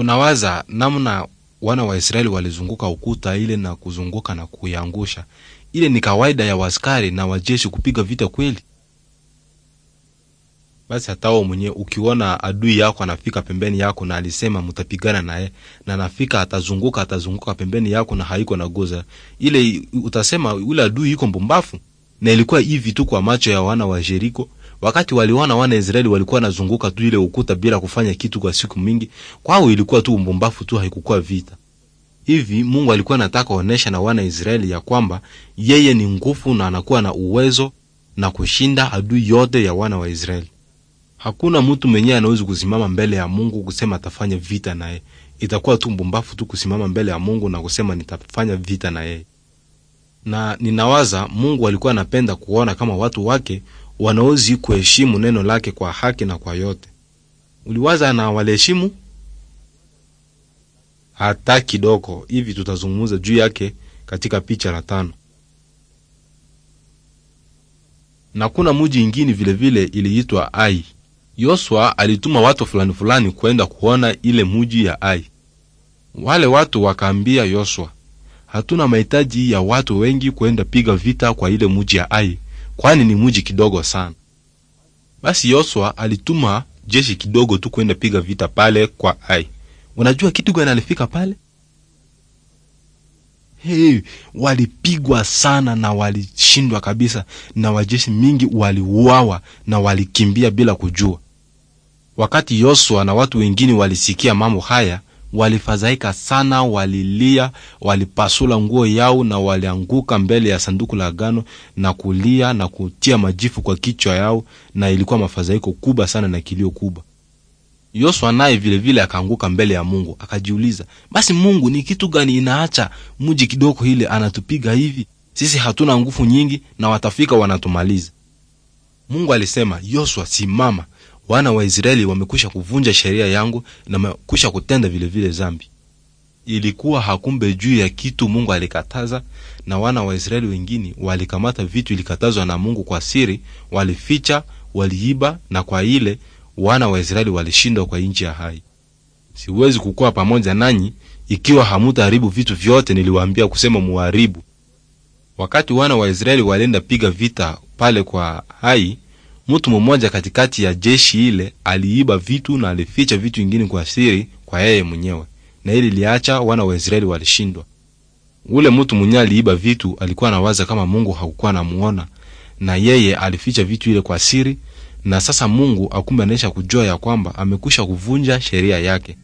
Unawaza namna wana wa Israeli walizunguka ukuta ile na kuzunguka na kuiangusha. Ile ni kawaida ya waskari na wajeshi kupiga vita kweli? Basi hata wewe ukiona adui yako anafika pembeni yako na alisema mtapigana naye na anafika, atazunguka atazunguka pembeni yako na haiko na goza ile, utasema ule adui yuko mbumbafu, na ilikuwa hivi tu kwa macho ya wana wa Jeriko Wakati waliona wana Israeli walikuwa nazunguka tu ile ukuta bila kufanya kitu kwa siku mingi, kwao ilikuwa tu umbumbafu tu, haikukuwa vita. Hivi Mungu alikuwa anataka onesha na wana Israeli ya kwamba yeye ni nguvu na anakuwa na uwezo na kushinda adui yote ya wana wa Israeli. Hakuna mtu mwenyewe anaweza kusimama mbele ya Mungu kusema atafanya vita naye. Itakuwa tu mbumbafu tu kusimama mbele ya Mungu na kusema nitafanya vita na yeye. Na ninawaza Mungu alikuwa anapenda kuona kama watu wake wanaozi kuheshimu neno lake kwa haki na kwa yote. Uliwaza na waleheshimu hata kidogo? Hivi tutazungumza juu yake katika picha la tano. Na kuna muji ingine vilevile iliitwa Ai. Yoswa alituma watu fulani fulani kwenda kuona ile muji ya Ai. Wale watu wakaambia Yoswa, hatuna mahitaji ya watu wengi kwenda piga vita kwa ile muji ya Ai, kwani ni mji kidogo sana. Basi Yoswa alituma jeshi kidogo tu kwenda piga vita pale kwa Ai. Unajua kitu gani alifika pale? Hey, walipigwa sana na walishindwa kabisa, na wajeshi mingi waliuawa na walikimbia bila kujua. Wakati Yosua na watu wengine walisikia mambo haya, walifadhaika sana, walilia, walipasula nguo yao na walianguka mbele ya sanduku la agano na kulia na kutia majifu kwa kichwa yao, na ilikuwa mafadhaiko kubwa sana na kilio kubwa. Yoswa naye vilevile akaanguka mbele ya Mungu akajiuliza, basi Mungu ni kitu gani inaacha muji kidogo ile anatupiga hivi? Sisi hatuna nguvu nyingi na watafika wanatumaliza. Mungu alisema, Yoswa, simama, wana wa Israeli wamekwisha kuvunja sheria yangu na wamekwisha kutenda vilevile zambi. Ilikuwa hakumbe juu ya kitu Mungu alikataza, na wana wa Israeli wengine walikamata vitu ilikatazwa na Mungu kwa siri, walificha, waliiba, na kwa ile wana wa Israeli walishindwa kwa nchi ya hai. Siwezi kukuwa pamoja nanyi ikiwa hamutaharibu vitu vyote niliwaambia kusema muharibu. Wakati wana wa Israeli walienda piga vita pale kwa Hai, mtu mmoja katikati ya jeshi ile aliiba vitu na alificha vitu vingine kwa siri kwa yeye mwenyewe, na ili liacha wana wa Israeli walishindwa. Ule mtu mwenye aliiba vitu alikuwa anawaza kama Mungu hakukuwa anamuona, na yeye alificha vitu ile kwa siri, na sasa Mungu akumbe anaisha kujua ya kwamba amekwisha kuvunja sheria yake.